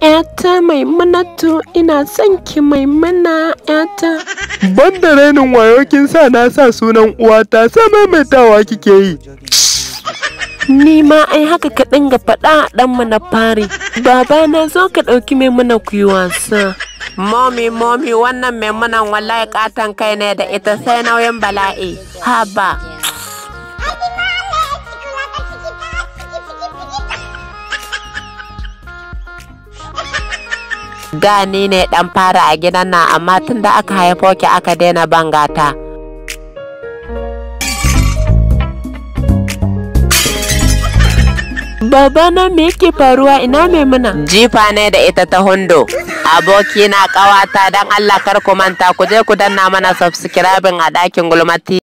'yata Maimunatu ina son ki Maimuna 'yata. Banda rainin wayo kin sa na sa sunan uwata mai tawa kike yi. Ni ma ai haka ka dinga faɗa a ɗanmu na fari. Baba na zo ka ɗauki Maimuna ku yi wasa. Momi momi wannan Maimunan wallahi katon kai ne da ita sai nauyin bala'i. Haba. da ni ne dan fara a gidan nan amma tun da aka haifo ki aka daina bangata Baba na me yake faruwa ina muna? Jifa ne da ita ta hundo. Aboki na kawata don Allah kar ku manta ku je ku danna mana subscribing a ɗakin gulmati.